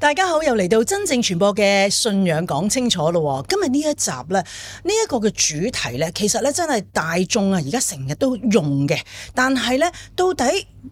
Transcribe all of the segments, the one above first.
大家好，又嚟到真証傳播嘅信仰講清楚咯。今日呢一集呢，呢一個嘅主題呢，其實呢真係大眾啊，而家成日都用嘅，但係呢，到底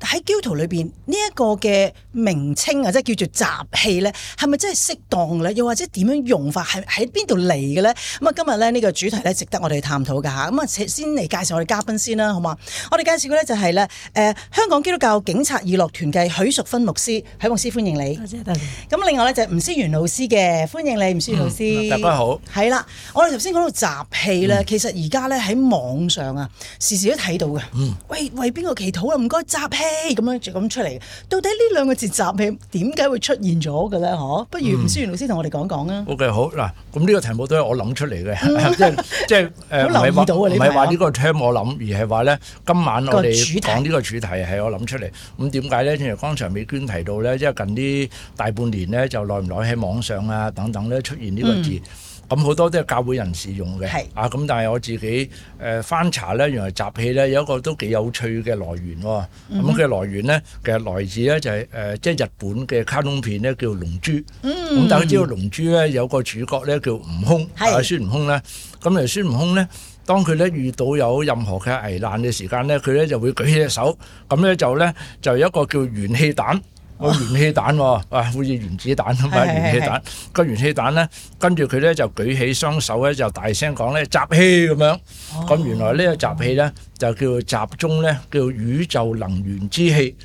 喺《基督徒》裏邊呢一個嘅名稱或者叫做集氣咧，係咪真係適當咧？又或者點樣用法？係喺邊度嚟嘅咧？咁啊，今日咧呢個主題咧，值得我哋探討噶吓。咁啊，先嚟介紹我哋嘉賓先啦，好嘛？我哋介紹嘅咧就係咧，誒，香港基督教警察義樂團嘅許淑芬牧師，許牧師歡迎你，多謝多謝。咁另外咧就吳思源老師嘅，歡迎你，吳思源老師，大家好。係啦，我哋頭先講到集氣咧，其實而家咧喺網上啊，時時都睇到嘅。嗯。喂喂，邊個祈禱啊？唔該，嘿，咁樣咁出嚟，到底呢兩個節集係點解會出現咗嘅咧？嗬、嗯，不如吳思源老師同我哋講講啊。OK，好嗱，咁呢個題目都係我諗出嚟嘅，即係即係誒，唔係是你唔係話呢個 theme 我諗，而係話咧今晚我哋講呢個主題係我諗出嚟。咁點解咧？正如剛才美娟提到咧，即係近啲大半年咧就耐唔耐喺網上啊等等咧出現呢個字。嗯咁好多都係教會人士用嘅，是啊咁但係我自己誒、呃、翻查咧，原來集氣咧有一個都幾有趣嘅來源喎、哦。咁嘅、mm hmm. 來源咧，其實來自咧就係誒即係日本嘅卡通片咧，叫《龍珠》mm。咁大家知道龍《龍珠》咧有個主角咧叫悟空是、啊、孫悟空啊，孫悟空咧。咁誒，孫悟空咧，當佢咧遇到有任何嘅危難嘅時間咧，佢咧就會舉起隻手，咁咧就咧就有一個叫元氣彈。個元氣彈喎，哇！好似原子彈咁啊，元氣彈。個元氣彈咧，跟住佢咧就舉起雙手咧，就大聲講咧集氣咁樣。咁原來呢個集氣咧就叫集中咧，叫宇宙能源之氣。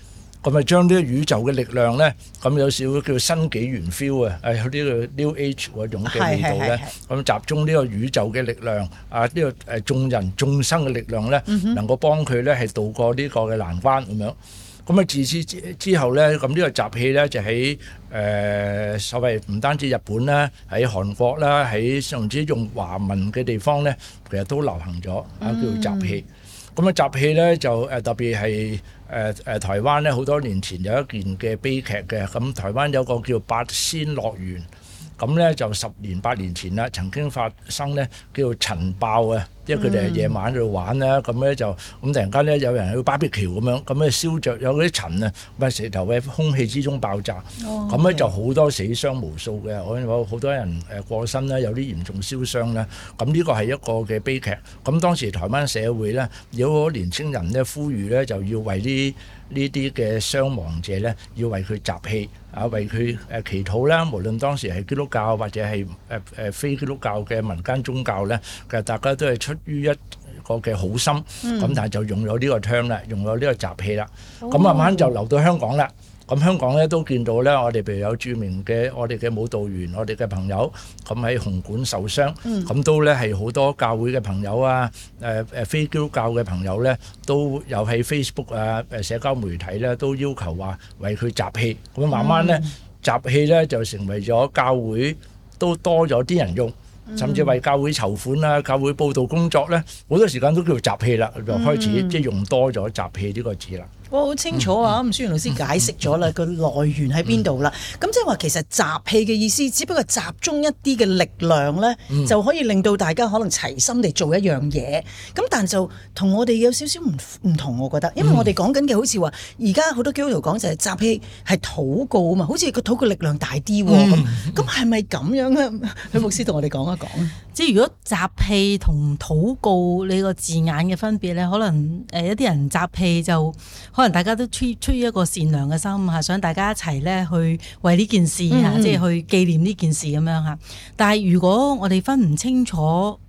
咁咪將呢個宇宙嘅力量咧，咁有少少叫新紀元 feel 啊！誒，呢個 New Age 嗰種嘅味道咧，咁集中呢個宇宙嘅力量啊，呢個誒眾人眾生嘅力量咧，能夠幫佢咧係渡過呢個嘅難關咁樣。咁啊！自此之之後咧，咁呢個集氣呢，就喺誒、呃、所謂唔單止日本啦，喺韓國啦，喺甚至用華文嘅地方呢，其實都流行咗啊！叫做集氣。咁啊、嗯，集氣呢，就誒特別係誒誒台灣呢，好多年前有一件嘅悲劇嘅。咁台灣有個叫八仙樂園，咁呢就十年八年前啦，曾經發生呢，叫塵爆啊！因為佢哋係夜晚去玩啦，咁咧、嗯、就咁突然間咧有人去 BBQ 咁樣，咁咧燒着，有嗰啲塵啊，塊石頭喺空氣之中爆炸，咁咧、哦、就好多死傷無數嘅，我我好多人誒過身啦，有啲嚴重燒傷啦，咁呢個係一個嘅悲劇。咁當時台灣社會咧有好多年青人咧呼籲咧就要為呢呢啲嘅傷亡者咧要為佢集氣啊，為佢誒祈禱啦，無論當時係基督教或者係誒誒非基督教嘅民間宗教咧，其實大家都係出於一個嘅好心，咁但係就用咗呢個腔啦，用咗呢個集氣啦，咁慢慢就流到香港啦。咁香港咧都見到咧，我哋譬如有著名嘅我哋嘅舞蹈員，我哋嘅朋友，咁喺紅館受傷，咁都咧係好多教會嘅朋友啊，誒誒非基督教嘅朋友咧，都有喺 Facebook 啊誒社交媒體咧都要求話為佢集氣，咁慢慢咧集氣咧就成為咗教會都多咗啲人用。甚至為教會籌款啊，教會報道工作咧，好多時間都叫做集氣啦，就開始、嗯、即係用多咗集氣呢個字啦。我好清楚啊！咁思源老師解釋咗啦，個來源喺邊度啦？咁即係話其實集氣嘅意思，只不過集中一啲嘅力量咧，就可以令到大家可能齊心地做一樣嘢。咁但就同我哋有少少唔唔同，我覺得，因為我哋講緊嘅好似話，而家好多基督徒講就係集氣係禱告啊嘛，好似個禱告力量大啲喎。咁咁係咪咁樣啊？許牧師同我哋講一講。嗯嗯、即係如果集氣同禱告呢個字眼嘅分別咧，可能誒一啲人集氣就。可能大家都出出於一個善良嘅心吓，想大家一齊咧去為呢件事吓，嗯嗯即係去紀念呢件事咁樣吓。但係如果我哋分唔清楚，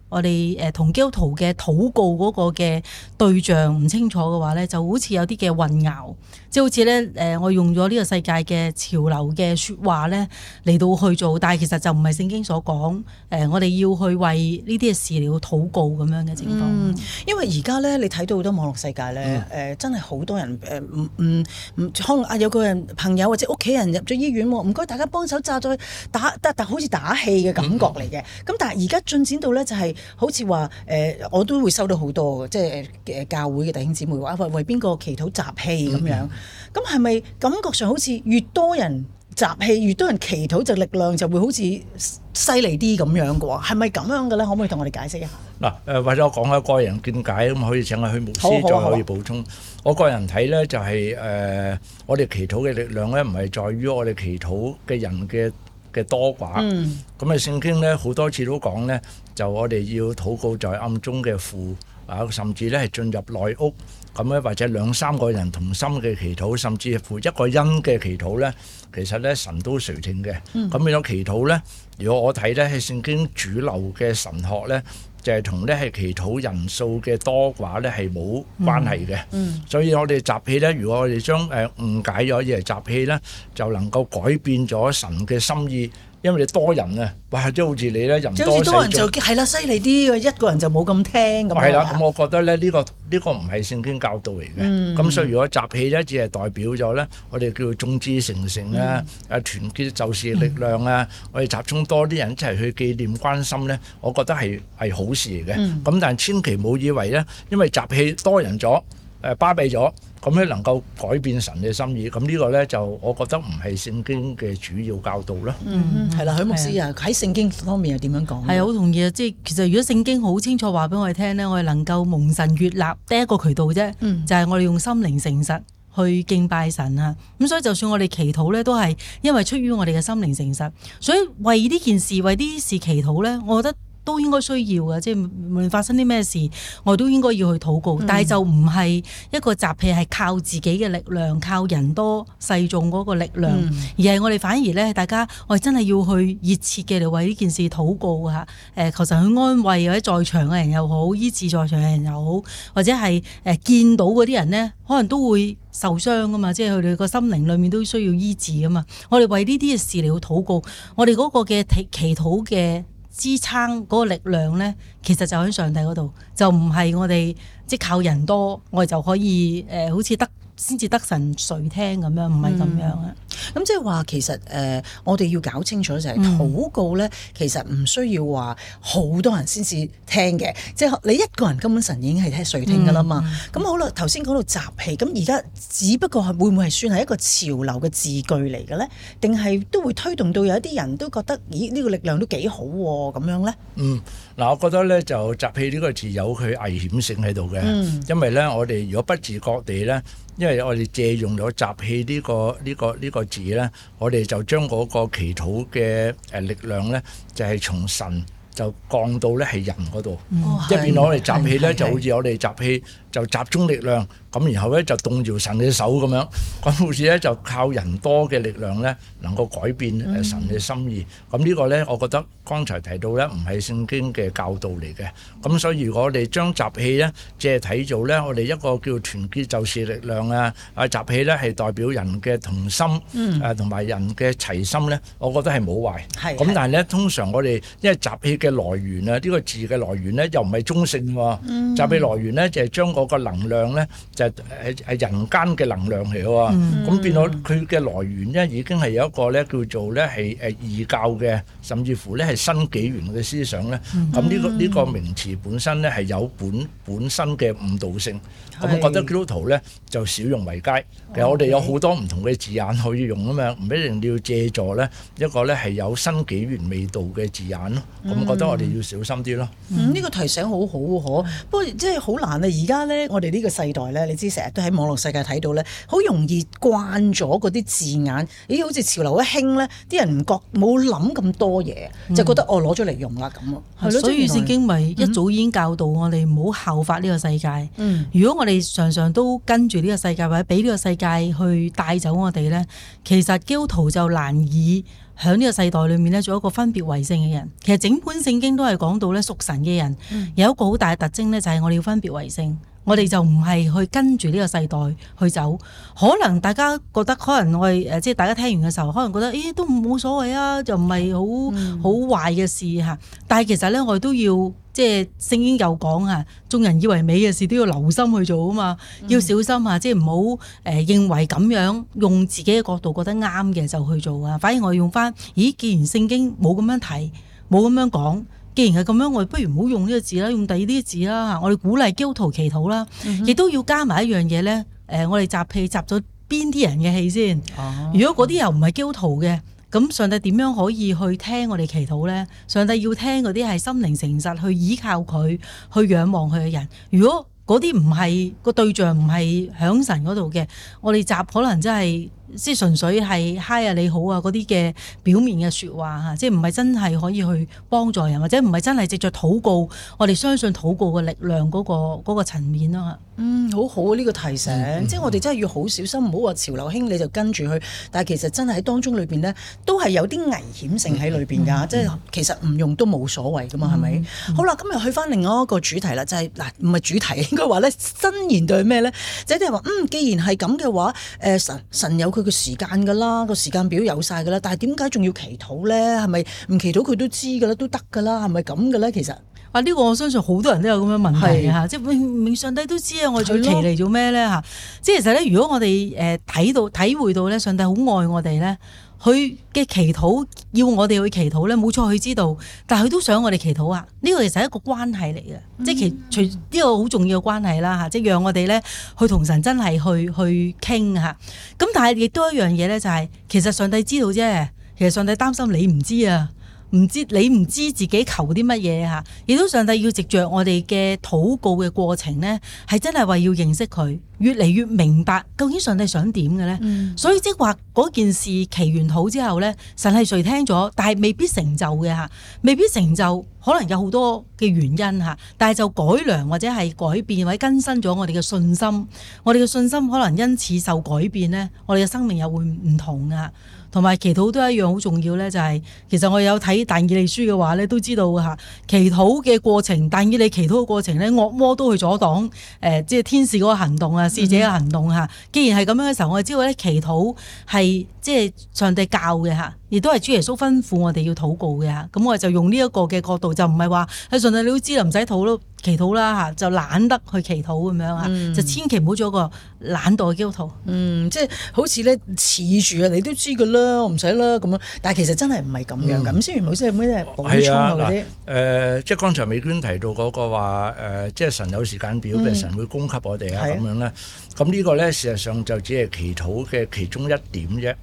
我哋誒同基督徒嘅禱告嗰個嘅對象唔清楚嘅話咧，就好似有啲嘅混淆。即好似咧，誒，我用咗呢個世界嘅潮流嘅説話咧嚟到去做，但係其實就唔係聖經所講，誒，我哋要去為呢啲嘅事嚟禱告咁樣嘅情況。嗯、因為而家咧，你睇到好多網絡世界咧，誒、嗯呃，真係好多人誒，唔唔唔，可能啊有個人朋友或者屋企人入咗醫院，唔該大家幫手集咗打，但好似打氣嘅感覺嚟嘅。咁、嗯、但係而家進展到咧、就是，就係好似話誒，我都會收到好多，即係誒教會嘅弟兄姊妹話，為邊個祈禱集氣咁樣。嗯。咁係咪感覺上好似越多人集氣，越多人祈禱，就力量就會好似犀利啲咁樣嘅喎？係咪咁樣嘅咧？可唔可以同我哋解釋一下？嗱、呃，誒，或者我講下個人見解，咁可以請下許牧師好再可以補充。我個人睇咧就係、是、誒、呃，我哋祈禱嘅力量咧，唔係在於我哋祈禱嘅人嘅嘅多寡。嗯。咁啊，聖經咧好多次都講咧，就我哋要禱告在暗中嘅父。啊，甚至咧係進入內屋咁咧，或者兩三個人同心嘅祈禱，甚至乎一個恩嘅祈禱咧，其實咧神都垂聽嘅。咁呢種祈禱咧，如果我睇咧喺聖經主流嘅神學咧，就係同咧係祈禱人數嘅多寡咧係冇關係嘅。所以我哋集氣咧，如果我哋將誒誤解咗以為集氣咧，就能夠改變咗神嘅心意。因為你多人啊，哇！即係好似你咧，人多多人就係啦，犀利啲嘅，一個人就冇咁聽咁。係啦，咁我覺得咧、呢個，呢、呢個呢個唔係聖經教導嚟嘅。咁、嗯、所以如果集氣咧，只係代表咗咧，我哋叫做眾志成城啊，誒團結就是力量啊。嗯、我哋集中多啲人一齊去紀念關心咧，我覺得係係好事嚟嘅。咁、嗯、但係千祈冇以為咧，因為集氣多人咗，誒巴閉咗。咁咧能夠改變神嘅心意，咁呢個咧就我覺得唔係聖經嘅主要教導啦。嗯，係啦，許牧師啊，喺聖經方面係點樣講？係好同意啊，即係其實如果聖經好清楚話俾我哋聽咧，我哋能夠蒙神悅納，得一個渠道啫。嗯，就係我哋用心靈誠實去敬拜神啊。咁所以就算我哋祈禱咧，都係因為出於我哋嘅心靈誠實。所以為呢件事為啲事祈禱咧，我覺得。都應該需要嘅，即係無論發生啲咩事，我都應該要去禱告。嗯、但係就唔係一個集氣係靠自己嘅力量，靠人多勢眾嗰個力量，嗯、而係我哋反而咧，大家我哋真係要去熱切嘅嚟為呢件事禱告嚇。誒，求神去安慰或者在場嘅人又好，醫治在場嘅人又好，或者係誒見到嗰啲人咧，可能都會受傷噶嘛，即係佢哋個心靈裡面都需要醫治噶嘛。我哋為呢啲嘅事嚟去禱告，我哋嗰個嘅祈禱嘅，支撐嗰個力量咧，其實就喺上帝嗰度，就唔係我哋即靠人多，我哋就可以誒，好似得先至得神垂聽咁樣，唔係咁樣啊。咁即係話，其實誒、呃，我哋要搞清楚就係、是，禱、嗯、告咧，其實唔需要話好多人先至聽嘅。即係你一個人根本神已經係喺垂聽㗎喇嘛。咁、嗯、好啦，頭先講到集氣，咁而家只不過係會唔會係算係一個潮流嘅字句嚟嘅咧？定係都會推動到有一啲人都覺得，咦？呢、呢個力量都幾好喎、啊，咁樣咧。嗯，嗱，我覺得咧就集氣呢個字有佢危險性喺度嘅，嗯、因為咧我哋如果不自覺地咧，因為我哋借用咗集氣呢個呢個呢個。呢個呢個呢個呢個字咧，我哋就將嗰個祈禱嘅誒力量咧，就係、是、從神就降到咧係人嗰度，哦、一邊攞嚟集氣咧，就好似我哋集氣。就集中力量咁，然後咧就動搖神嘅手咁樣。咁於是咧就靠人多嘅力量咧，能夠改變誒神嘅心意。咁、嗯、呢個咧，我覺得剛才提到咧，唔係聖經嘅教導嚟嘅。咁所以如果我哋將集氣咧，即係睇做咧，我哋一個叫團結就是力量啊！啊，集氣咧係代表人嘅同心，誒同埋人嘅齊心咧，我覺得係冇壞。係、嗯。咁但係咧，通常我哋因為集氣嘅來源啊，呢、這個字嘅來源咧，又唔係中性喎。嗯。集氣來源咧，就係將個個能量呢，就係、係、人間嘅能量嚟喎，咁變咗佢嘅來源呢，已經係有一個呢叫做呢係誒異教嘅，甚至乎呢係新紀元嘅思想呢，咁呢個呢個名詞本身呢，係有本本身嘅誤導性。咁覺得基督徒呢就少用為佳。其實我哋有好多唔同嘅字眼可以用啊嘛，唔一定要借助呢一個呢係有新紀元味道嘅字眼咯。咁覺得我哋要小心啲咯。呢、嗯嗯呢個提醒好好喎，不過即係好難啊！而家呢，我哋呢個世代呢，你知成日都喺網絡世界睇到呢，好容易慣咗嗰啲字眼。咦、哎，好似潮流一興呢，啲人唔覺冇諗咁多嘢，就覺得我攞咗嚟用啦咁啊。係咯，嗯、了所以聖經咪一早已經教導我哋唔好效法呢個世界。如果我我哋常常都跟住呢個世界或者俾呢個世界去帶走我哋咧，其實基督徒就難以響呢個世代裏面咧做一個分別為聖嘅人。其實整本聖經都係講到咧屬神嘅人有一個好大嘅特徵咧，就係我哋要分別為聖，我哋就唔係去跟住呢個世代去走。可能大家覺得，可能我哋誒，即係大家聽完嘅時候，可能覺得，誒、哎、都冇所謂啊，就唔係好好壞嘅事吓。嗯、但係其實咧，我哋都要。即係聖經又講啊，眾人以為美嘅事都要留心去做啊嘛，嗯、要小心啊！即係唔好誒認為咁樣用自己嘅角度覺得啱嘅就去做啊。反而我用翻，咦？既然聖經冇咁樣提，冇咁樣講，既然係咁樣，我哋不如唔好用呢個字啦，用第二啲字啦。我哋鼓勵基督徒祈禱啦，亦、嗯、哼都要加埋一樣嘢咧。誒、呃，我哋集氣集咗邊啲人嘅氣先？哦、如果嗰啲又唔係基督徒嘅？咁上帝點樣可以去聽我哋祈禱呢？上帝要聽嗰啲係心靈誠實，去依靠佢，去仰望佢嘅人。如果嗰啲唔係個對象，唔係響神嗰度嘅，我哋集可能真係。即係純粹係嗨 i 啊你好啊嗰啲嘅表面嘅説話嚇，即係唔係真係可以去幫助人，或者唔係真係直著禱告，我哋相信禱告嘅力量嗰個嗰層面咯。嗯，好好啊呢個提醒，即係我哋真係要好小心，唔好話潮流興你就跟住去。但係其實真係喺當中裏邊咧，都係有啲危險性喺裏邊㗎。即係其實唔用都冇所謂㗎嘛，係咪？好啦，今日去翻另外一個主題啦，就係嗱唔係主題，應該話咧真言對咩咧？就啲人話嗯，既然係咁嘅話，誒神神有。佢個時間噶啦，個時間表有晒噶啦，但係點解仲要祈禱咧？係咪唔祈禱佢都知噶啦，都得噶啦？係咪咁嘅咧？其實啊，呢個我相信好多人都有咁樣問題嘅吓，即係明明上帝都知啊，我做祈禱嚟做咩咧吓？即係其實咧，如果我哋誒睇到體會到咧，上帝好愛我哋咧。佢嘅祈禱要我哋去祈禱咧，冇錯佢知道，但係佢都想我哋祈禱啊！呢個其實係一個關係嚟嘅、mm hmm.，即係除呢個好重要嘅關係啦嚇，即係讓我哋咧去同神真係去去傾嚇。咁但係亦都一樣嘢咧，就係其實上帝知道啫，其實上帝擔心你唔知啊。唔知你唔知自己求啲乜嘢吓，亦都上帝要藉着我哋嘅禱告嘅過程咧，係真係話要認識佢，越嚟越明白究竟上帝想點嘅咧。嗯、所以即係話嗰件事祈完禱之後咧，神係誰聽咗，但係未必成就嘅吓，未必成就，可能有好多嘅原因吓，但係就改良或者係改變或者更新咗我哋嘅信心，我哋嘅信心可能因此受改變咧，我哋嘅生命又會唔同啊。同埋祈禱都一樣好重要咧，就係、是、其實我有睇但以理書嘅話咧，都知道嚇祈禱嘅過程，但以理祈禱嘅過程咧，惡魔都去阻擋誒、呃，即係天使嗰個行動啊，使者嘅行動嚇。嗯、既然係咁樣嘅時候，我哋知道咧，祈禱係即係上帝教嘅嚇。亦都係主耶穌吩咐我哋要禱告嘅，咁我哋就用呢一個嘅角度，就唔係話係上帝，你都知啦，唔使禱咯，祈禱啦吓，就懶得去祈禱咁、嗯、樣啊，就千祈唔好做一個懶惰嘅基督徒，嗯，即係、嗯就是、好似咧恃住啊，你都知噶啦，我唔使啦咁樣，但係其實真係唔係咁樣，咁先然好先咩咧補充啲，誒，即係剛才美娟提到嗰個話、呃，即係神有時間表嘅、嗯，神會供給我哋啊，咁樣咧的。咁呢個呢，事實上就只係祈禱嘅其中一點啫。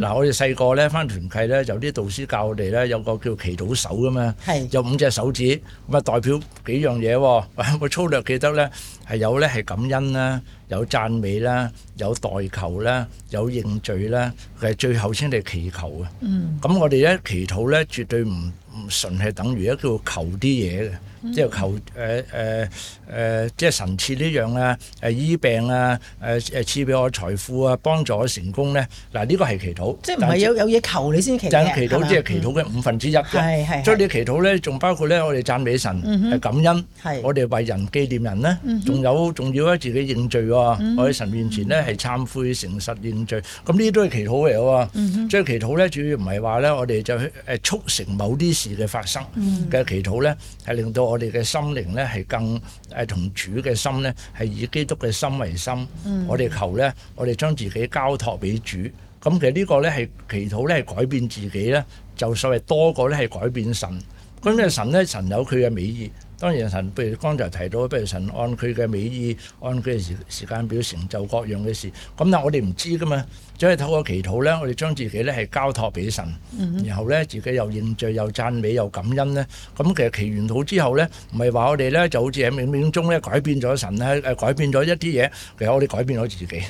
嗱，我哋細個呢，返團契呢，有啲導師教我哋呢，有個叫祈禱手㗎嘛，有五隻手指，咁啊代表幾樣嘢。我粗略記得呢，係有呢係感恩啦，有讚美啦，有代求啦，有認罪啦，係最後先嚟祈求嘅。咁我哋呢祈禱呢，絕對唔唔純係等於咧叫求啲嘢嘅。即係、嗯、求誒誒誒，即係神賜呢樣啊，誒、呃、醫病啊，誒誒賜俾我財富啊，幫助我成功咧。嗱、這、呢個係祈禱，即係唔係有但有嘢求你先祈禱啊？誒，祈禱即係祈禱嘅五分之一。係係所以你祈禱咧，仲包括咧，我哋讚美神感恩，嗯、我哋為人紀念人呢，仲有仲要喺自己認罪喎、哦。嗯嗯、我喺神面前呢，係懺悔、誠實,實認罪，咁呢啲都係祈禱嚟喎。即係祈禱咧，主要唔係話咧，我哋就去促成某啲事嘅發生嘅、嗯嗯、祈禱咧，係令到。我哋嘅心靈咧係更誒同主嘅心咧係以基督嘅心為心，嗯、我哋求咧，我哋將自己交託俾主。咁其實呢個咧係祈禱咧係改變自己咧，就所謂多過咧係改變神。咁咧神咧神有佢嘅美意，當然神譬如剛才提到，譬如神按佢嘅美意，按佢嘅時時間表成就各樣嘅事。咁但係我哋唔知噶嘛。即係透過祈禱咧，我哋將自己咧係交託俾神，然後咧自己又認罪、又讚美、又感恩咧。咁其實祈完禱之後咧，唔係話我哋咧就好似喺冥冥中咧改變咗神咧，誒改變咗一啲嘢。其實我哋改變咗自己。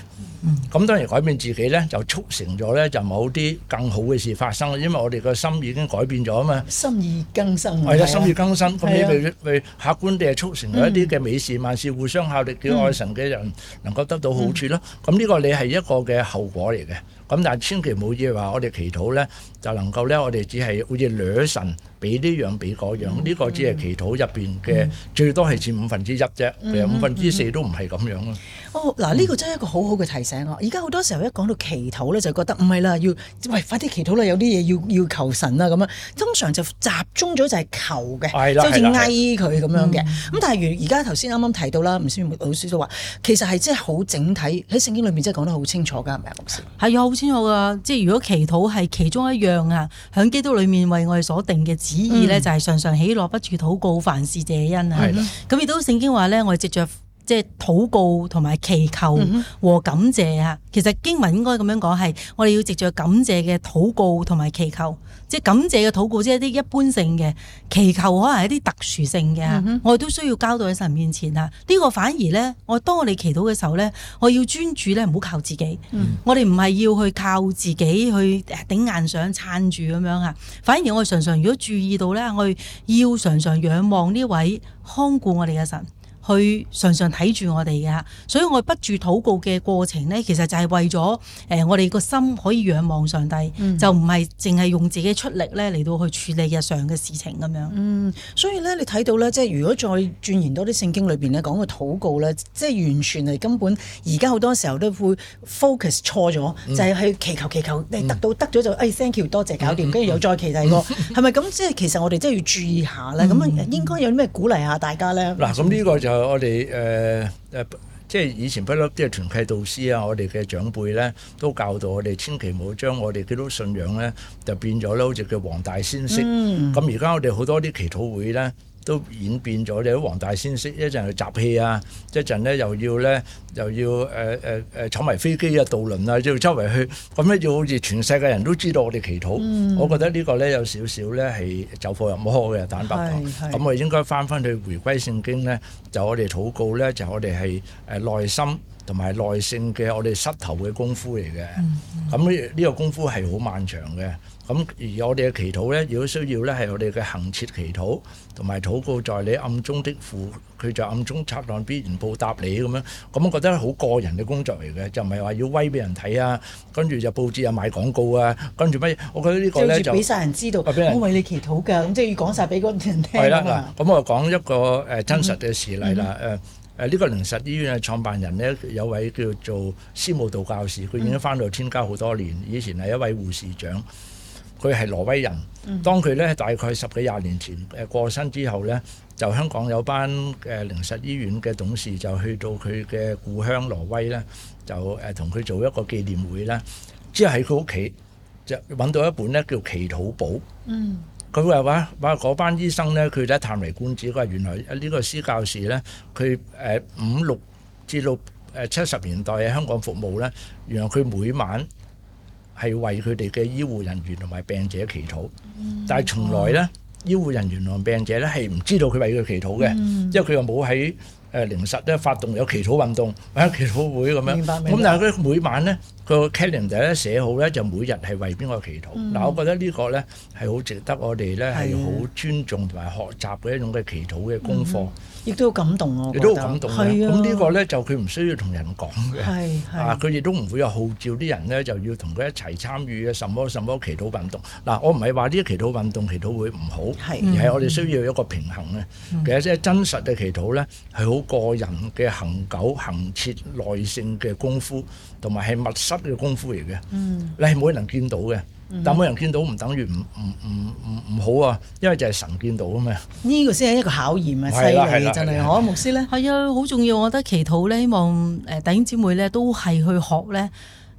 咁當然改變自己咧，就促成咗咧就某啲更好嘅事發生。因為我哋個心已經改變咗啊嘛。心意更新。係啊，心意更新。咁你會會客觀地促成咗一啲嘅美事、萬事互相效力，叫愛神嘅人能夠得到好處咯。咁呢個你係一個嘅後果嚟。咁但係千祈唔好以為話，我哋祈禱呢，就能夠呢。我哋只係好似掠神，俾呢樣俾嗰樣，呢、嗯、個只係祈禱入邊嘅最多係占五分之一啫，嗯、其實五分之四都唔係咁樣咯。哦，嗱呢個真係一個好好嘅提醒啊！而家好多時候一講到祈禱咧，就覺得唔係啦，要喂快啲祈禱啦，有啲嘢要要求神啦咁樣。通常就集中咗就係求嘅，就似哀佢咁樣嘅。咁但係而家頭先啱啱提到啦，吳老師都話，其實係真係好整體喺聖經裏面，真係講得好清楚㗎，係咪啊？係啊，好清楚㗎！即係如果祈禱係其中一樣啊，響基督裏面為我哋所定嘅旨意咧，就係常常喜樂不住，禱告凡事謝恩啊！咁亦都聖經話咧，我哋藉著，即係禱告同埋祈求和感謝啊！嗯、哼其實經文應該咁樣講，係我哋要藉着感謝嘅禱告同埋祈求，即係感謝嘅禱告，即係一啲一般性嘅祈求，可能係一啲特殊性嘅，嗯、哼我哋都需要交到喺神面前啊！呢、這個反而咧，我當我哋祈禱嘅時候咧，我要專注咧，唔好靠自己。嗯、我哋唔係要去靠自己去頂硬上撐住咁樣啊！反而我哋常常如果注意到咧，我哋要常常仰望呢位看顧我哋嘅神。去常常睇住我哋嘅，所以我哋不住禱告嘅過程咧，其實就係為咗誒我哋個心可以仰望上帝，就唔係淨係用自己出力咧嚟，到去處理日常嘅事情咁樣，嗯，所以咧你睇到咧，即係如果再鑽研多啲聖經裏邊咧講嘅禱告咧，即係完全係根本而家好多時候都會 focus 錯咗，就係、是、去祈求祈求，得到得咗就誒、嗯哎、thank you 多謝搞掂，跟住又再祈第二個，係咪咁？即係、嗯嗯嗯、其實我哋真係要注意下咧，咁啊應該有咩鼓勵下大家咧？嗱、嗯，咁呢個就。嗯嗯誒、啊，我哋誒誒，即係以前不嬲，即係團契導師啊、我哋嘅長輩咧，都教導我哋，千祈唔好將我哋幾多信仰咧，就變咗咧，好似叫黃大仙式。咁而家我哋好多啲祈禱會咧。都演變咗，你喺黃大仙識一陣去集氣、呃、啊，一陣咧又要咧又要誒誒誒坐埋飛機啊、渡輪啊，要周圍去，咁咧要好似全世界人都知道我哋祈禱。嗯、我覺得呢個咧有少少咧係走火入魔嘅，坦白講，咁我、嗯、應該翻返去回歸聖經咧，就我哋禱告咧，就我哋係誒內心。同埋耐性嘅，我哋膝頭嘅功夫嚟嘅。咁呢、嗯嗯、個功夫係好漫長嘅。咁而我哋嘅祈禱咧，如果需要咧，係我哋嘅恆切祈禱，同埋禱告在你暗中的父，佢就暗中察看，必然報答你咁樣。咁我覺得好個人嘅工作嚟嘅，就唔係話要威俾人睇啊。跟住就報紙啊買廣告啊，跟住乜？我覺得個呢個咧就俾晒人知道，啊、人我為你祈禱㗎。咁即係要講晒俾嗰啲人聽。係啦嗱，咁我講一個誒真實嘅事例啦誒。誒呢、呃這個靈實醫院嘅創辦人呢，有位叫做司務道教士，佢已經翻到天家好多年，以前係一位護士長，佢係挪威人。當佢呢，大概十幾廿年前誒、呃、過身之後呢，就香港有班誒靈實醫院嘅董事就去到佢嘅故鄉挪威呢，就誒同佢做一個紀念會啦。之後喺佢屋企就揾到一本呢，叫《祈禱簿》。嗯佢話話話嗰班醫生呢，佢咧嘆為觀止，佢話原來呢個私教士呢，佢誒五六至到誒七十年代嘅香港服務呢，原來佢每晚係為佢哋嘅醫護人員同埋病者祈禱，嗯、但係從來呢。醫護人員同病者咧係唔知道佢為佢祈禱嘅，嗯、因為佢又冇喺誒靈實咧發動有祈禱運動或者祈禱會咁樣。明白未？咁但係佢每晚咧，佢個 calendar 咧寫好咧，就每日係為邊個祈禱。嗱、嗯，我覺得呢個咧係好值得我哋咧係好尊重同埋學習嘅一種嘅祈禱嘅功課。嗯亦都好感動我，亦都好感動啊！咁呢個呢，就佢唔需要同人講嘅，啊佢亦都唔會有號召啲人呢，就要同佢一齊參與嘅什麼什麼祈禱運動。嗱、啊，我唔係話呢啲祈禱運動、祈禱會唔好，是而係我哋需要一個平衡咧。嗯、其實真真實嘅祈禱呢，係好、嗯、個人嘅恒久恒切耐性嘅功夫，同埋係密室嘅功夫嚟嘅。你係冇人能見到嘅。但冇人見到唔等於唔唔唔唔唔好啊，因為淨係神見到啊嘛。呢個先係一個考驗啊，犀利，真係，我牧師咧，係啊，好重要。我覺得祈禱咧，希望誒、呃、弟兄姊妹咧都係去學咧，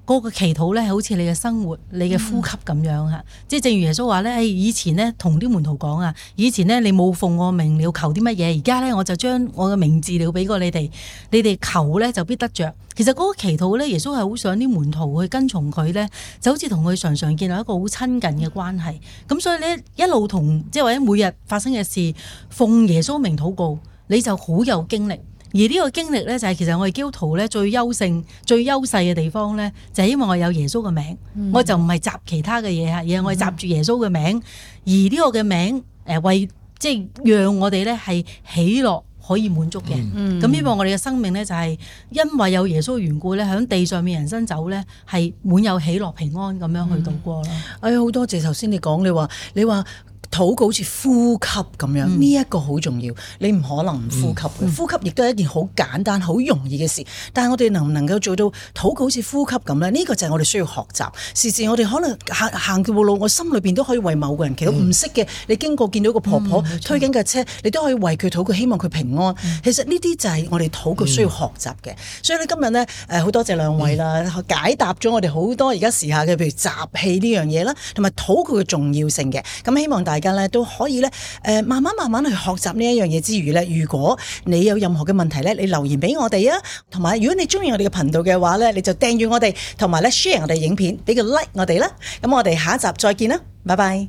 嗰個祈禱咧，好似你嘅生活、你嘅呼吸咁樣嚇，即係、嗯、正如耶穌話咧，誒以前咧，同啲門徒講啊，以前咧，前你冇奉我名你要求啲乜嘢。而家咧，我就將我嘅名字了俾過你哋，你哋求咧就必得着。其實嗰個祈禱咧，耶穌係好想啲門徒去跟從佢咧，就好似同佢常常建立一個好親近嘅關係。咁所以咧，一路同即係或者每日發生嘅事奉耶穌名禱告，你就好有經歷。而呢個經歷咧，就係其實我哋基督徒咧最優勝、最優勢嘅地方咧，就係因為我有耶穌嘅名，嗯、我就唔係集其他嘅嘢，而係我係集住耶穌嘅名。而呢個嘅名，誒為即係讓我哋咧係喜樂可以滿足嘅。咁希望我哋嘅生命咧就係因為有耶穌嘅緣故咧，喺地上面人生走咧係滿有喜樂平安咁樣去度過啦、嗯。哎好多謝頭先你講，你話你話。禱告好似呼吸咁樣，呢一、嗯、個好重要。你唔可能唔呼吸、嗯、呼吸亦都係一件好簡單、好容易嘅事。但係我哋能唔能夠做到禱告好似呼吸咁呢？呢、這個就係我哋需要學習。時時我哋可能行行條路，我心裏邊都可以為某個人祈禱。唔識嘅，你經過見到個婆婆、嗯、推緊架車，你都可以為佢禱告，希望佢平安。嗯、其實呢啲就係我哋禱告需要學習嘅。嗯、所以咧，今日呢，好多謝兩位啦，嗯、解答咗我哋好多而家時下嘅，譬如集氣呢樣嘢啦，同埋禱告嘅重要性嘅。咁希望大而家咧都可以咧，誒，慢慢慢慢去學習呢一樣嘢之餘咧，如果你有任何嘅問題咧，你留言俾我哋啊，同埋如果你中意我哋嘅頻道嘅話咧，你就訂閱我哋，同埋咧 share 我哋影片，俾個 like 我哋啦。咁我哋下一集再見啦，拜拜。